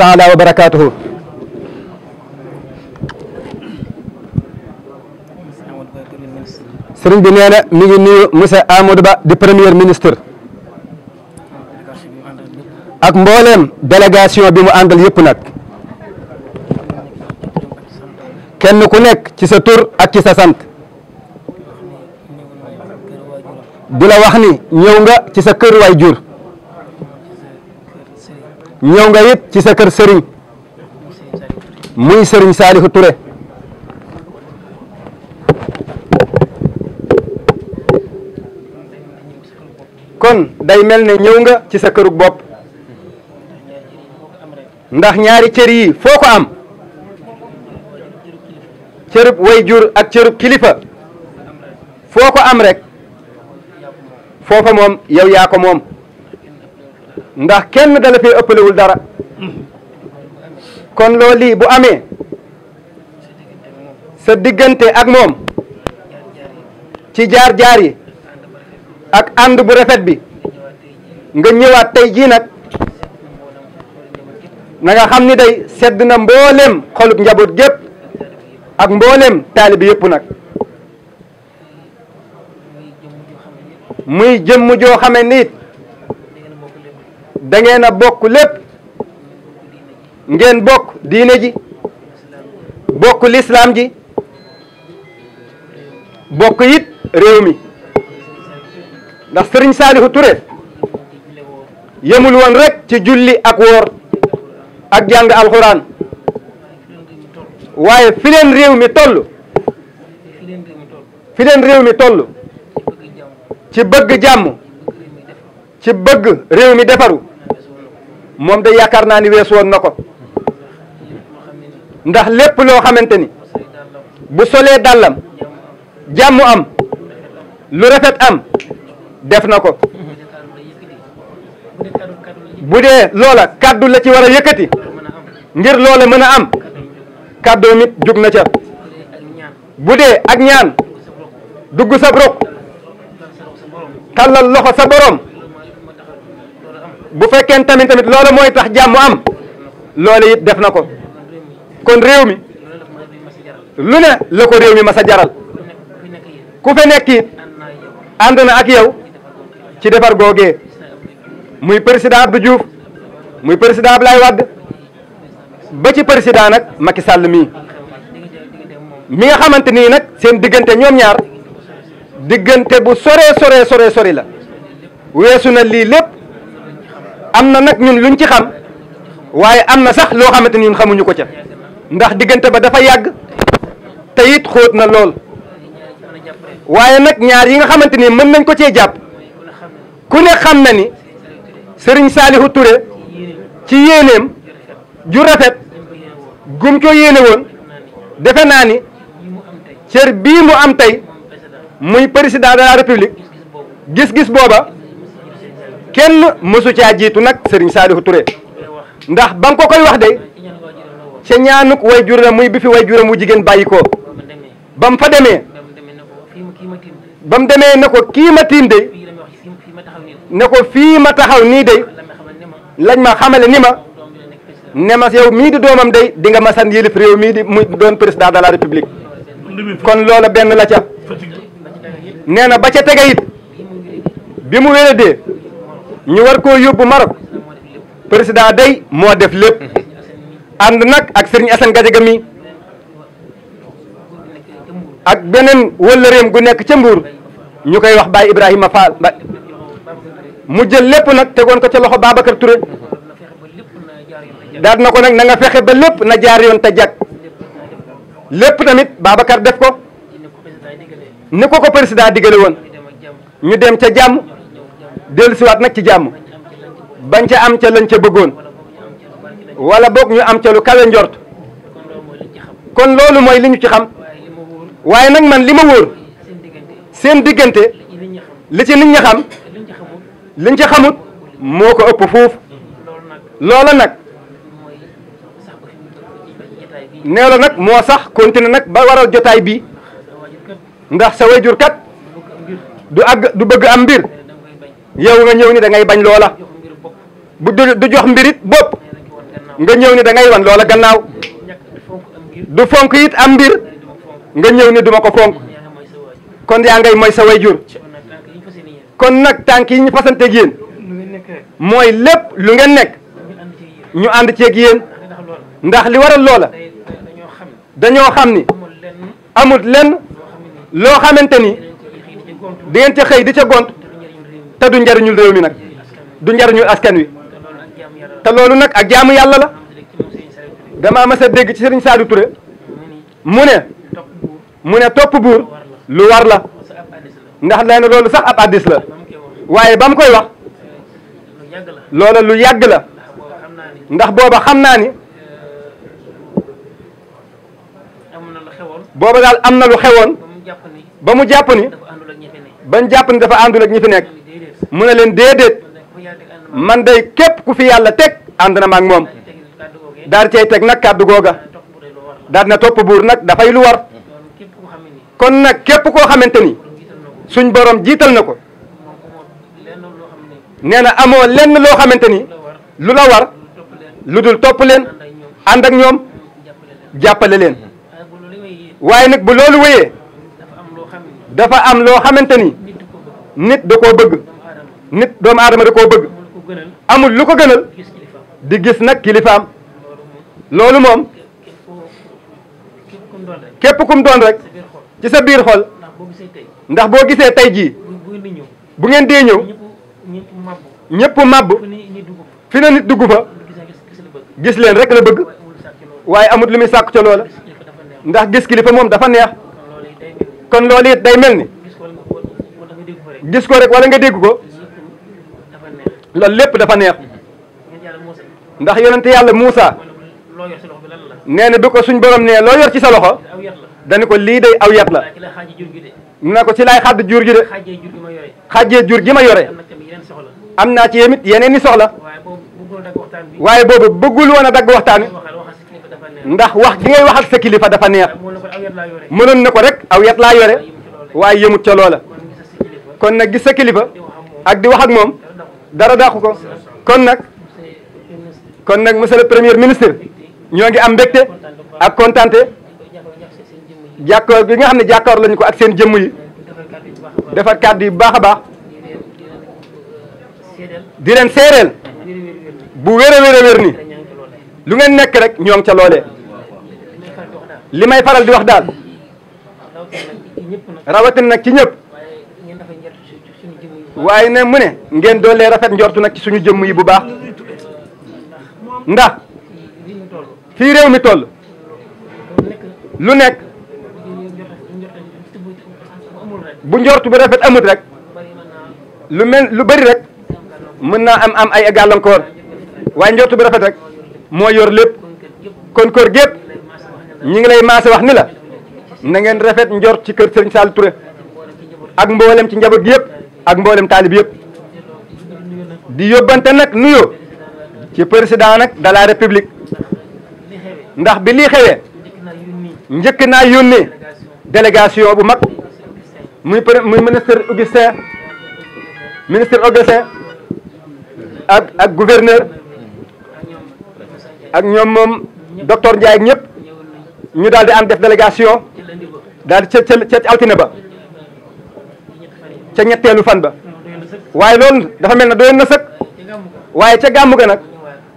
taala wa barakatuhu sëriñ bi neena mi ngi nuyu monsieur Amadou Ba di premier ministre ak mbollem delegation bi mu andal yep nak kenn ku nek ci sa tour ak ci sa sante di wax ni ñew nga ci sa keur way jur ñëw nga it ci sa kër sëriñ muy sëriñ Saalihu Touré kon day mel ne ñëw nga ci sa kërug bopp ndax ñaari cër yi foo ko am cërub way jur ak cërub kilifa foo ko am rekk foofa moom yow yaa ko moom ndax kenn dala fee ëppalewul dara kon loo lii bu amee sa diggante ak moom ci jaar-jaar yi ak ànd bu rafet bi nga ñëwaat tey jii nag na nga xam ni day sedd na mboolem xolub njaboot gépp ak mboolem taalibi yépp nag muy jëmm joo xame nit da ngeen a bokk lépp ngeen bokk diine ji bokk islaam ji bokk yit réew mi ndax sëriñ Saalihu Ture yemul woon rek ci julli ak woor ak jàng alxuraan waaye fi leen réew mi toll fi leen réew mi toll ci bëgg jàmm ci bëgg réew mi defaru moom de yaakaar naa ni weesu woon na ko ndax lépp loo xamante ni bu solee dàllam jàmm am lu rafet am def na ko bu dee loola kàddu la ci war a yëkkati ngir loola mën a am kàddoom it jug na ca bu dee ak ñaan dugg sa roq tàllal loxo sa borom bu fekkee tamit tamit loole mooy tax jàmm am loolu it def na ko kon réew mi lu ne la ko réew mi mas a jaral ku fe nekk it ànd na ak yow ci defar googee muy président Abdou Diouf muy président Abdoulaye Wade ba ci président nag Macky sàll mii mi nga xamante nii nag seen diggante ñoom ñaar diggante bu sore sore sore sori la weesu na lii lépp am na nag ñun luñ ci xam waaye am na sax loo xamante ni ñun xamuñu ko ca ndax diggante ba dafa yàgg te it xóot na lool waaye nag ñaar yi nga xamante ni mën nañ ko cee jàpp ku ne xam na ni sëriñ Saalihu ture ci yéeneem ju rafet gum ko yéene woon defe naa ni cër bii mu am tey muy président de la république gis-gis booba kenn mësu caa jiitu nag Serigne Saliou Touré ndax ba nga ko koy wax de ca ñaanuk way juram muy bi fi way juram wu jigéen bàyyi ko ba mu fa demee ba mu demee ne ko kii tiim de ne ko fii ma taxaw nii de lañ ma xamale ni ma ne ma yow mii di doomam de di nga ma san yilif réew mii di muy doon président de république kon loola benn la ca nee na ba ca tege it bi mu wéradee ñu war koo yóbbu Maroc président day moo def lépp ànd nag ak Serigne Assane Gadiaga ak beneen wëllëreem gu nekk ca Mbuur ñu koy wax Baye Ibrahima Fall mu jël lépp nag tegoon ko ca loxo Babacar Touré daal na ko nag nanga nga fexe ba lépp na jaar yoon te jag lépp tamit Babacar def ko ni ko ko président digale woon ñu dem ca jàmm dellu siwaat nag ci jàmm bañ ca am ca lañ ca bëggoon walla boog ñu am ca lu kawe njort kon loolu mooy li ñu ci xam waaye nag man li ma wóor seen diggante li ci nit ñi xam liñ ci xamut moo ko ëpp foofu loola nag nee nag moo sax continué nag ba waral jotaay bi ndax sa wayjur kat du àgg du bëgg am mbir yow nga ñëw ni da ngay bañ loola bu du jox mbirit bopp nga ñëw ni da ngay wan loola gannaaw du fonk it am mbir nga ñëw ni duma ko fonk kon yaa ngay mooy sa wayjur kon nag tànk yi ñu fasanteeg yéen mooy lépp lu ngeen nekk ñu ànd ceeg yéen ndax li waral loola dañoo xam ni amut lenn loo xamante ni di ngeen ca xëy di ca gont te du njariñul réew mi nag du njariñul askan wi te loolu nag ak jaamu yàlla la damaa mas dégg ci Serigne Sadou Touré mu ne mu ne topp buur lu war la ndax nee na loolu sax ab addis la waaye ba mu koy wax loola lu yàgg la ndax booba xam naa ni booba daal am na lu xewoon ba mu jàpp ni bañ jàpp ni dafa àndul ak ñi nekk mu ne leen déedéet man day képp ku fi yàlla teg ànd na ma ak moom daal di teg nag kàddu googa daal na topp buur nag dafay lu war kon nag képp koo xamante ni suñ borom jiital na ko nee na amoo lenn loo xamante ni lu la war lu dul topp leen ànd ak ñoom jàppale leen waaye nag bu loolu wéyee dafa am loo xamante ni nit da koo bëgg nit doomu aadama da koo bëgg amul lu ko gënal di gis nag kilifaam loolu moom képp kum doon rek ci sa biir xol ndax boo gisee tey jii bu ngeen dee ñëw ñëpp màbb fi na nit dugg fa gis leen rek la bëgg waaye amut lu muy sàkk ca loola ndax gis kilifa moom dafa neex kon loolu it day mel ni gis ko rek wala nga dégg ko loolu lépp dafa neex ndax yonente yàlla Muusa nee na bi ko suñ borom ne loo ci sa loxo dañu ko lii day aw yat la ñu ne ko ci laay xàdd jur gi de xàjjee jur gi ma yore am naa ci yemit yeneen i soxla waaye boobu bëggul woon a dagg waxtaan ndax wax gi ngay wax ak sa kilifa dafa neex mënoon na ko rek aw yat laa yore waaye yëmut ca loola kon nag gis sa kilifa ak di wax ak moom dara dàqu ko kon nag kon nag monsieur le premier ministre ñoo ngi am mbégte ak kontaante jàkkoor bi nga xam ne jàkkoor lañu ko ak seen jëmm yi defar kàddu yu baax a baax di leen seereel bu wér a ni lu ngeen nekk rek ñoo ngi ca loolee li may paral di wax daal rawatina nag ci ñëpp waaye ne mu ne ngeen doolee rafet njortu nag ci suñu jëmm yi bu baax ndax fii réew mi toll lu nekk bu njortu bu rafet amut rek lu mel lu bëri rek mën naa am am ay gàllankoor waaye njortu bu rafet rek moo yor lépp kon kër gépp ñu ngi lay maase wax ni la na ngeen rafet njort ci kër Serigne Saliou Touré ak mboolem ci njaboot gi yëpp ak mboolem taalib yëpp di yóbbante nag nuyo ci président nag de la république ndax bi lii xewee njëkk naa yónni délégation bu mag muy muy ministre Augustin ministre Augustin ak ak gouverneur ak ñoom moom docteur Ndiaye ak ñu daal di am def délégation daal di ca ca ca altine ba ca ñettelu fan ba waye loolu dafa melni ne na sëkk waaye ca gamu ga nak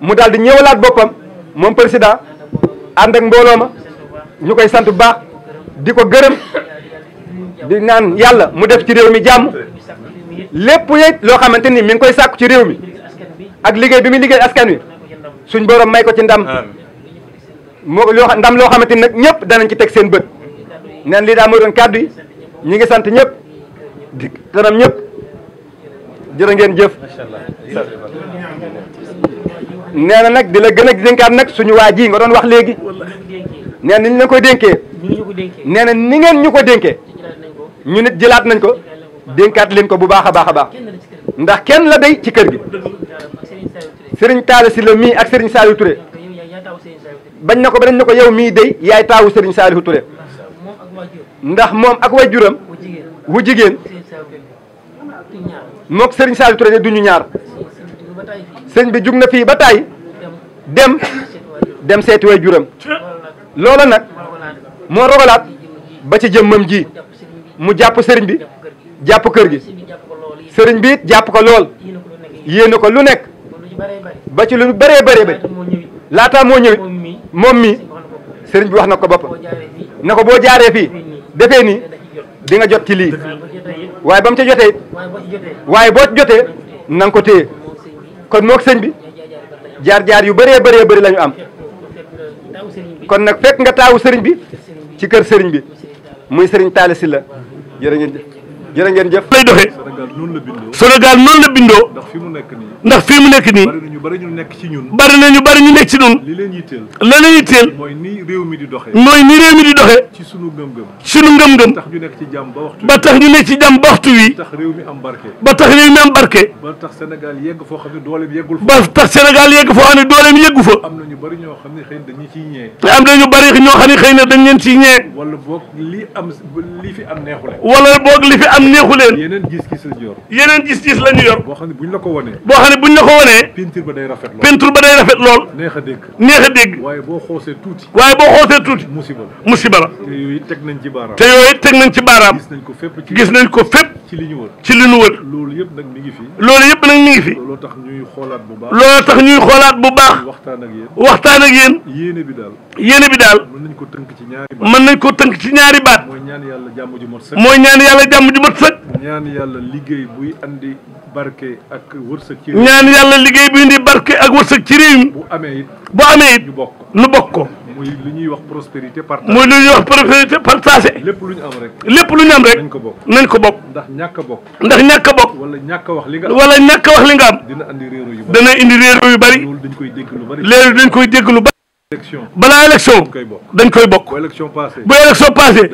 mu daldi ñewalat bopam mom president and ak mbooloo ma ñu sant bu baax diko gëreem di nan yalla mu def ci rewmi jamm lepp lépp lo xamanteni ni mi ngi koy sakku ci rewmi ak liggey bi mi liggey askan wi suñ borom may ko ci ndam lo xam ndam lo xamanteni nak ñepp da nañ ci tek seen bët nan li da mo doon kàddu yi ñi ngi sant ñepp di kanam ñëpp jërë ngeen jëf nee na nag di la gën a dénkaat nag suñu waa ji nga doon wax léegi nee na ni ñu leen koy dénkee nee na ni ngeen ñu ko denkee ñu nit jëlaat nañ ko dénkaat leen ko bu baax a baax a baax ndax kenn la day ci kër gi Serigne si Sylla mii ak Serigne Saliou Touré bañ na ko ba dañ na ko yow mii day yaay taawu Serigne Saliou Touré ndax moom ak waajuram wu jigéen moog sëriñ Saliou Touré duñu ñaar sëñ bi jug na fii ba tàyyi dem dem seeti way juram loola nag moo rogalaat ba ci jëmmam ji mu jàpp sëriñ bi jàpp kër gi sëriñ bi jàpp ko lool yéene ko lu nekk ba ci lu bëree bëree ba laataa moo ñëwit moom mii sëriñ bi wax na ko boppam na ko boo jaaree fii defee nii di nga jot ci lii waaye ba mu ca jotee waaye boo jotee na nga ko téye kon moog sëñ bi jaar-jaar yu bëree bëree bëri la ñu am kon nag fekk nga taawu sëriñ bi ci kër sëriñ bi muy sëriñ taale Sylla jërë ngeen jërë ngeen jëf lay doxee Sénégal noonu la bindoo ndax fii mu nekk nii bari na ñu bari ñu nekk ci ñun li leen yitteel la leen yitteel mooy ni réew mi di doxee ci sunu ngëm-ngëm ba tax ñu nekk ci jàmm ba waxtu wi ba tax réew mi am barke ba tax Sénégal yegg foo xam ne dooleem yeggul fa am na ñu bari ñoo xam ne xëy na dañu ciy ñee am na ñu bari ñoo xam ne na dañ leen ciy ñee wala boog li am fi am neexu leen boog li fi am lislaam neexu leen yeneen gis-gis la ñu yor yeneen gis-gis la ñu yor boo xam ne buñ la ko wanee boo xam ne peinture ba day rafet lool peinture ba day rafet lool neex a dégg neex a dégg waaye boo xoosee tuuti waaye boo xoosee tuuti musiba la musiba la te yooyu teg nañ ci baaraam te yooyu teg nañ ci baaraam gis nañ ko fépp gis nañ ko fépp ci li ñu wër ci li ñu wër loolu yëpp nag mi ngi fi loolu yëpp nag mi ngi fi loolu tax ñuy xoolaat bu baax loolu tax ñuy xoolaat bu baax waxtaan ak yéen waxtaan ak yéen yéene bi daal yéene bi daal mën nañ ko tënk ci ñaari baat mën nañ ko tënk ci ñaari baat mooy ñaan yàlla jàmm ju mot wërsëg. ñaan yàlla liggéey buy andi barke ak wërsëg ci ñaan yàlla liggéey buy andi barke ak wërsëg ci réew mi. bu amee it bu amee it nu bokk ko. muy lu ñuy wax prospérité partagée. muy lu ñuy wax prospérité partagée. lépp lu ñu am rek. lépp lu ñu am rek. nañ ko bokk nañ ko bokk. ndax ñàkk bokk. ndax ñàkk bokk. wala ñàkk wax li nga wala ñàkk li nga am. dina andi réeróo yu bari dana indi réeróo yu bari. loolu dañ koy dégg lu bari. léegi dañ koy dégg lu bari. balaa élection dañ koy bokk. bu élection passée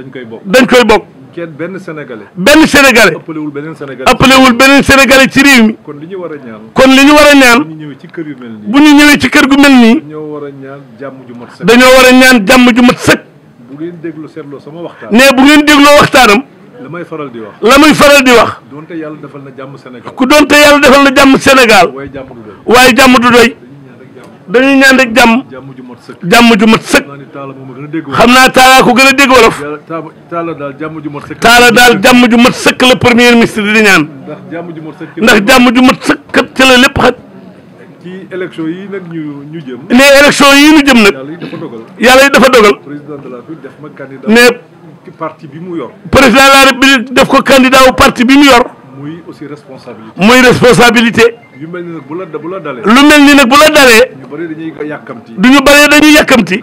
dañ koy bokk. kenn benn sénégalais. benn sénégalais ëppalewul beneen sénégalais ëppalewul beneen sénégalais ci réew mi. kon li ñu war a ñaan. kon li ñu war a ñaan. bu ñu ñëwee ci kër yu mel nii. bu ñu ñëwee ci kër gu mel nii. dañoo war a ñaan jàmm ju mat sëkk. dañoo war a ñaan jàmm ju mat sëkk. bu ngeen déglu seetloo sama waxtaan. ne bu ngeen dégloo waxtaanam. la may faral di wax. la may faral di wax. donte yàlla defal na jàmm Sénégal. ku donte yàlla defal na jàmm Sénégal. waaye jàmm du doy. dañuy ñaan rek jàmm jàmm ju mat sëkk xam naa taala ko gën a dégg wolof taala daal jàmm ju mat sëkk la premier ministre di ñaan ndax jàmm ju mat sëkk kat ca la lépp xat ci élection yi nag ñu ñu jëm ne élection yi ñu jëm nag yàlla yi dafa dogal ne parti bi mu yor président de la république def ko candidat wu parti bi mu yor muy responsabilité lu mel ni nag bu la dalee. lu mel ni nag bu la dalee. du ñu bari dañuy yàkkamti.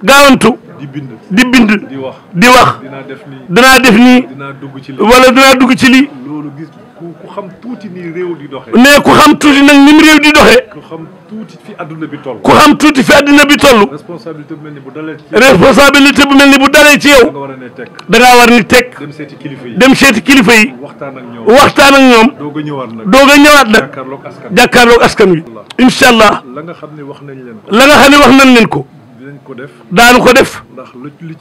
gaawantu. di bind di bind. di wax dinaa def nii. wala dinaa dugg ci lii. loolu gis. ku xam tuuti ni réew di doxee. nee ku xam tuuti nag ni mu réew di doxee. ku xam tuuti fi adduna bi toll. ku xam tuuti fi adduna bi toll. responsabilité bu mel ni bu dalee ci yow. responsabilité bu mel ni bu dalee ci yow. da nga war a ne teg da ngaa war ni teg. dem seeti kilifa yi dem seeti kilifa yi. waxtaan ak ñoom waxtaan ak ñoom. doog a ñëwaat nag doog a ñëwaat nag. jàkkaarloog askan wi jàkkaarloog askan wi. incha allah la nga xam ne wax nañ leen ko. la nga xam ne wax nañ leen ko. danañ ko def. daanu ko def. ndax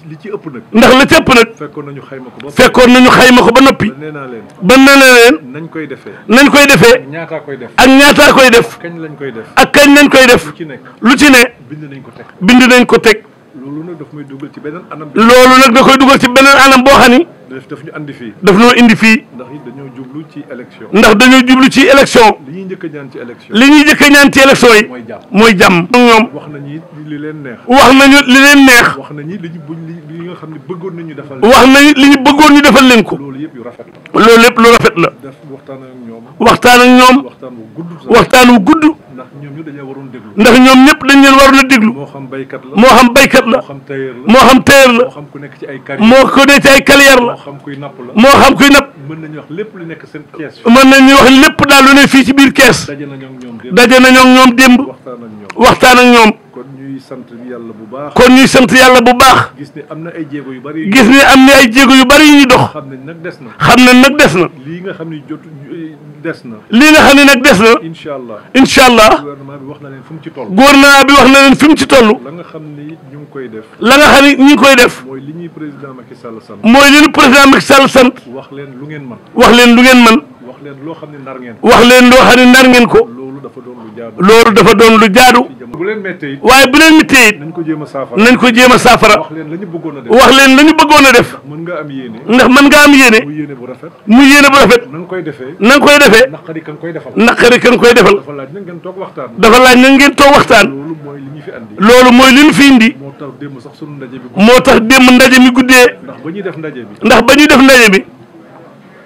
li ci ëpp nag. ndax li ci ëpp nag. fekkoon nañu xayma ko ba. fekkoon nañu xayma ko ba noppi. nee naa leen. ba nee naa leen. nañ koy defee. nañ koy defee. ñaataa koy def. ak ñaataa koy def. kañ lañ koy def. ak kañ lañ koy def. lu ci nekk lu ci ne. bind nañ ko teg bind nañ ko teg. loolu nag daf may dugal ci beneen anam. loolu nag da koy dugal ci beneen anam boo xam daf ñu andi fii. daf ñoo indi fii. ndax dañoo jublu ci élection. ndax dañoo jublu ci élection. li ñuy njëkk a ñaan ci élection. li ñuy njëkk a ñaan ci élection mooy jàmm mooy jàmm. ñoom wax nañu li leen neex. wax nañu li neex. wax nañu li ñu buñ li nga xam ne bëggoon nañu defal leen. wax nañu li ñu bëggoon ñu defal leen ko. loolu yëpp yu rafet la. loolu yëpp lu la. def waxtaan ak ñoom. waxtaan ak ñoom. waxtaan wu gudd. ndax ñoom ñëpp dañ leen waroon a déglu moo xam baykat la moo xam baykat la moo xam tailleur la moo xam tailleur la moo xam ku nekk ci ay carrière moo ko nekk ay carrière la xam kuy napp la moo xam kuy napp mën nañu wax lépp lu nekk seen mën nañu wax lépp daal lu ne fii ci biir kees daje nañoo ak ñoom démb waxtaan ak ñoom kon ñuy sant yàlla bu baax. kon ñuy sant yàlla bu baax. gis ne am na ay jéego yu bari. gis ne am na ay jéego yu bari yu ñuy dox. xam nañ nag des na. xam nañ nag des na. lii nga xam ne jot des na. lii nga xam ne nag des na. incha allah incha allah. gouvernement bi wax na leen fi mu ci toll. gouvernement bi wax na leen fi mu ci toll. la nga xam ni ñu ngi koy def. la nga xam ni ñu ngi koy def. mooy li ñuy président Macky Sall sant. mooy li ñu président Macky Sall sant. wax leen lu ngeen mën. wax leen lu ngeen mën. wax leen loo xam ne nar ngeen. wax leen loo xam ne nar ngeen ko. loolu dafa doon lu jaadu. loolu dafa doon lu jaadu. bu leen waaye bu leen méttee it nañ ko jéem a saafara nañ ko jéem a saafara wax leen la ñu bëggoon a def wax leen la ñu bëggoon a def mën nga am yéene ndax man nga am yéene mu yéene bu rafet mu yéene bu rafet na koy defee na nga koy defee naqari ka nga koy defal naqari ka nga koy defal dafa laaj na ngeen toog waxtaan dafa laaj na ngeen toog waxtaan loolu mooy li ñu fi mooy li ñu fi indi moo tax démb sunu ndaje bi moo tax démb ndaje mi guddee ndax ba ñuy def ndaje bi ndax ba ñuy def ndaje bi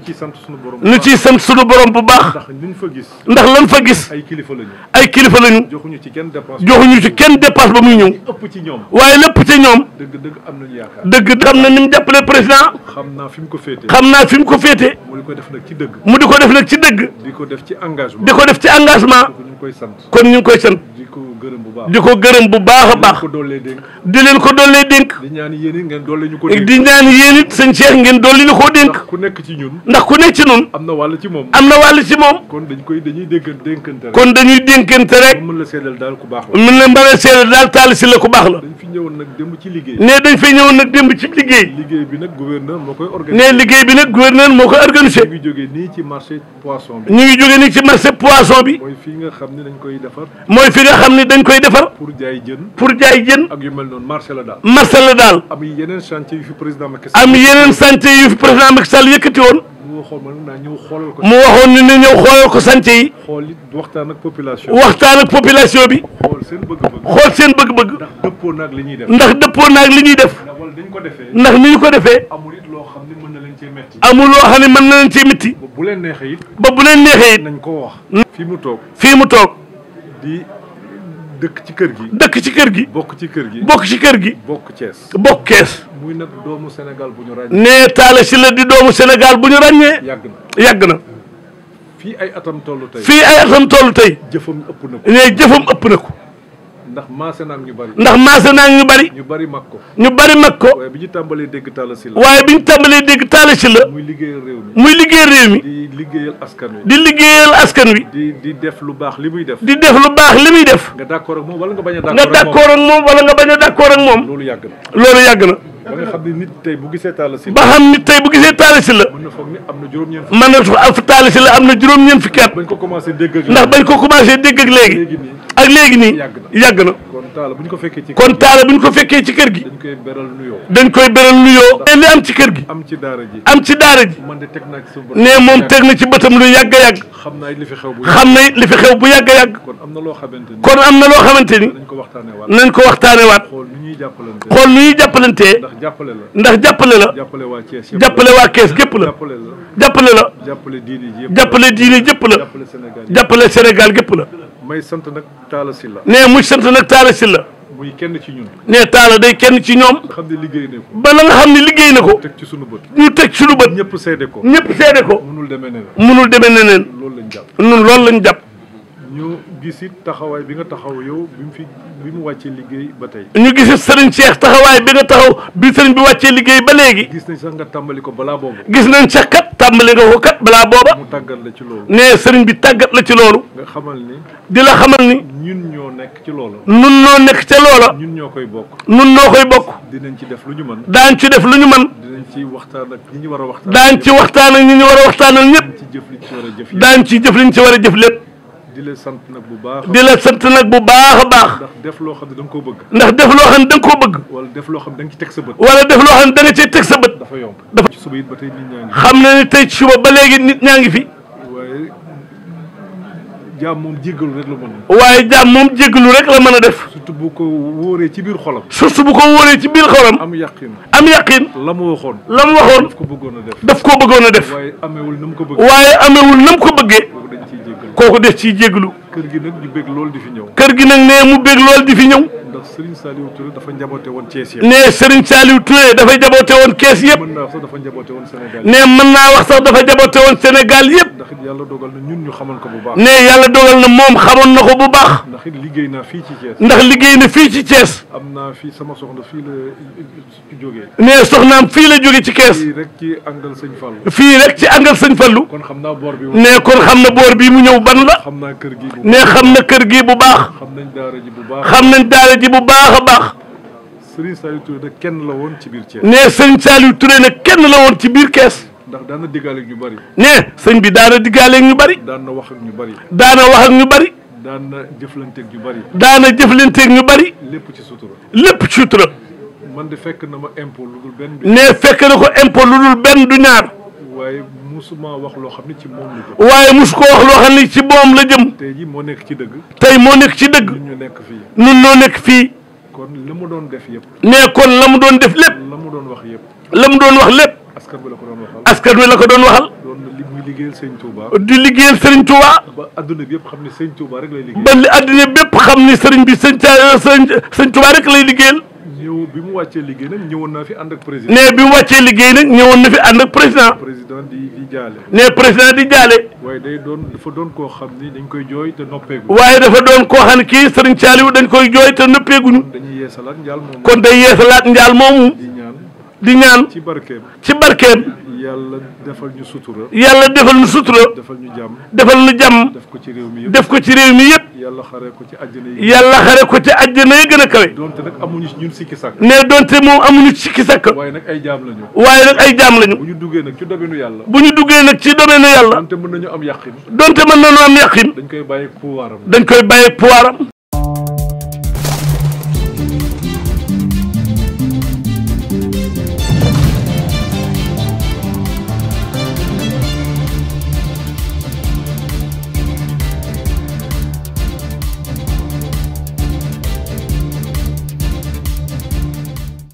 ñu ciy sant sunu borom ñu ciy sant borom bu baax. ndax lan fa gis. ndax lan fa gis ay kilifa lañu. ay kilifa lañu. joxuñu ci kenn dépense joxuñu ci kenn dépense ba muy ñëw. ëpp ci ñoom. waaye lépp ci ñoom. dëgg dëgg am nañu yaakaar. dëgg xam na ni mu jàppale président. xam naa fi mu ko féete. xam naa fi mu ko féete. mu di ko def nag ci dëgg. mu di ko def nag ci dëgg. di ko def ci engagement. ko def ci engagement. kon ñu ngi koy sant. di ko gërëm bu baax a baax di leen ko dollee dénk di ñaan yéen it ngeen ngeen dolli ñu koo dénk ndax ku nekk ci ñun am na wàll ci moom am na wàll ci moom kon dañ koy dañuy dénk dénkante rek kon dañuy dénkante rek daal ku la a seedal daal taal si la ku baax la dañ fi ñëwoon nag démb ci liggéey ne dañ fi ñëwoon nag démb ci liggéey bi nag gouverneur moo koy organiser ñu ngi jógee nii ci marché poisson bi mooy fi nga xam ne dañ koy defar mooy fi nga xam ne dañ koy defar. pour jay jeun pour jay jeun ak yu mel non marché la daal. marché la daal. am yenen santé yu fi président Macky Sall. am yenen santé yu fi président Macky Sall yëkëti won mu waxon ni ñëw xoolal ko chantier yi. xool it waxtaan ak population waxtaan ak population bi. xool seen bëgg-bëgg. xool seen bëgg-bëgg. ndax dëppoo naag li ñuy def. ndax dëppoo naag li ñuy def. ndax ko defé amul loo xam mën na leen ci métti. amul lo xamni mën na leen ci métti. bu leen neexee it. ba bu leen neexee it. nañ ko wax. fi mu tok fi mu tok di. dëkk ci kër gi. dëkk ci kër gi. bokk ci kër gi. bokk ci kër gi. bokk Cees. bokk Cees. muy nag doomu Sénégal bu ñu ràññee. nee Talla Sylla di doomu Sénégal bu ñu ràññee. yàgg na yàgg na. fii ay atam tollu tey. fii ay atam tollu tey. jëfam ëpp na ko. nee jëfam ëpp na ko. ndax maase naag ñu bari. ndax maase naag ñu bari. ñu bari mag ko. ñu bari mag ko. waaye bi ñu tàmbalee dégg Talla si waaye bi tàmbalee dégg Talla Sylla. muy liggéeyal réew mi muy liggéey réew mi. di liggéeyal askan wi. di liggéeyal askan wi. di di def lu baax li muy def. di def lu baax li muy def. nga d'accord ak moom wala nga bañ a d'accord ak moom nga d'accord ak moom wala nga bañ a d'accord ak moom. loolu yàgg na loolu yàgg na. ba xam ne nit tey bu gisee Talla Sylla ba xam nit tey bu gisee Talla Sylla mën na foog ni am na juróom-ñeent fukki at mën na foog Talla Sylla am na juróom-ñeent fukki at bañ ko commencé dégg ak ndax bañ ko commencé dégg ak léegi ak léegi nii yàgg na kon Talla bu ñu ko fekkee ci kon Talla bu ñu ko fekkee ci kër gi dañ koy beral nuyoo dañ koy beral nuyoo mais li am ci kër gi am ci daara ji am ci daara ji ne moom teg na ci bëtam lu yàgg a yàgg xam na li fi xew bu yàgg a yàgg kon am na loo xamante ni nañ ko waxtaane waat xool nu ñuy jàppalantee jàppale la ndax jàppale la jàppale waa Kees jàppale waa Kees gépp la jàppale la jàppale diini jépp jàppale diini jëpp la jàppale Sénégal gépp la may sant nag Talla Sylla nee muy sant nag Talla Sylla muy kenn ci ñun nee Talla day kenn ci ñoom xam ne liggéey na ba la nga xam ne liggéey na ko teg ci sunu bët ñu teg ci sunu bët ñëpp seede ko ñëpp seede ko munul demee neneen munul demee neneen loolu lañ jàpp nun loolu lañ jàpp ñu gisit taxawaay bi nga taxaw yow bi bi mu wàccee liggéey ba tey. ñu gisit sëriñ Cheikh taxawaay bi nga taxaw bi sëriñ bi wàccee liggéey ba léegi. gis nañ sax nga tàmbali ko balaa boobu. gis nañ sax kat tàmbali nga ko kat balaa booba. mu la ci loolu. nee sëriñ bi tàggat la ci loolu. nga xamal ni. di la xamal ni. ñun ñoo nekk ci loola. ñun ñoo nekk ca loola. ñun ñoo koy bokk. ñun ñoo koy bokk. dinañ ci def lu ñu mën. daañ ci def lu ñu mën. dinañ waxtaan ak ñi ñu war a waxtaan. daañ ci waxtaan ak ñi ñu war a waxtaanal ñëpp. daañ ci jëf ñu ci war a jëf lépp di la sant nak bu baax di la sant nak bu baax baax. ndax def lo xamne ne ko bëgg. ndax def lo xamne ne ko bëgg. wala def lo xamne ne da nga ci tek sa bët. wala def lo xamne ne da nga cee teg sa bët. dafa yomb dafa ci ba nit ci ba nit fi. rek la rek la def. surtout bu ko ci biir xolam. surtout bu ko ci biir xolam. am am daf ko def amewul ko kooku def ciy jéglu kër gi nag di bég lool di fi ñëw kër gi mu bég lool di fi ñëw ndax Serigne Saliou Touré dafa njaboote woon Thiès yëpp. nee Serigne Saliou Touré dafa njaboote woon Thiès yëpp. mën naa wax sax nee mën naa dafa njaboote woon Sénégal yëpp. ndax na ñun ñu xamoon ko bu baax. nee yàlla dogal na moom xamoon na ko bu baax. ndax liggéey na fii ci Thiès. ndax liggéey na fii ci Thiès. am naa fii sama soxna fii la jógee. nee soxnaam fii la jóge ci kees fii rek ci àngal sëñ Fallou. fii rek ci àngal sëñ Fallou. kon xam naa boor bi mu. nee kon xam na boor mu ñëw ban la. xam naa kër gi bu baax. nee xam na kër gi bu baax. xam nañ daara ji bu baax a baax. Serigne Saliou Touré nag kenn la woon ci biir Thiès. nee Serigne Saliou Touré nag kenn la woon ci biir Thiès. ndax daana diggaaleeg ñu bari. nee sëñ bi daana diggaaleeg ñu bari. daana wax ak ñu bari. daana wax ak ñu bari. daana jëflanteeg ñu bari. daana jëflanteeg ñu bari. lépp ci sutura. lépp ci sutura. man de fekk na ma impôt lu dul benn. nee fekk na ko impôt lu dul benn du ñaar. waye musuma wax lo xamni ci mom la jëm. waye musuko wax lo xamni ci mom la jëm. tay ji mo nek ci deug tay mo nekk ci dëgg. ñu nekk fii. ñun ñoo nekk kon la doon def yëpp. wax lépp. askan wi la ko doon waxal. askan wi la ko doon waxal. doon li muy liggéeyal Serigne Touba. di liggéeyal Serigne Touba. ñëw bi mu wàccee liggéey nag ñëwoon na fi ànd ak président. ne bi wàccee liggéey nag ñëwoon na fi ànd ak président. président di di jaale. ne président di jaale. waaye day doon dafa doon koo xam ni dañ koy jooy te noppeeguñu. waaye dafa doon koo xam ne kii Serigne Saliou dañ koy jooy te noppeeguñu. dañuy yeesalaat njaal moomu. kon day yeesalaat njaal moomu. di ñaan di ñaan. ci barkeem ci barkeem. yàlla defal ñu sutura. yàlla defal ñu sutura. defal ñu jàmm defal ñu jàmm. def ko ci réew mi yëpp def ko ci réew mi yëpp. yàlla xare ko ci àjjana yi. yàlla xare ko ci àjjana yi gën a kawe. donte nag amuñu ñun sikki sàkk. ne donte moom amuñu sikki sàkk. waaye nag ay jaam lañu. waaye nag ay jaam lañu. bu ñu duggee nag ci nu yàlla. bu ñu duggee nag ci domaine yàlla. donte mën nañu am yàqin. donte mën nañu am yàqin. dañ koy bàyyi pouvoiram. dañ koy bàyyi pouvoiram.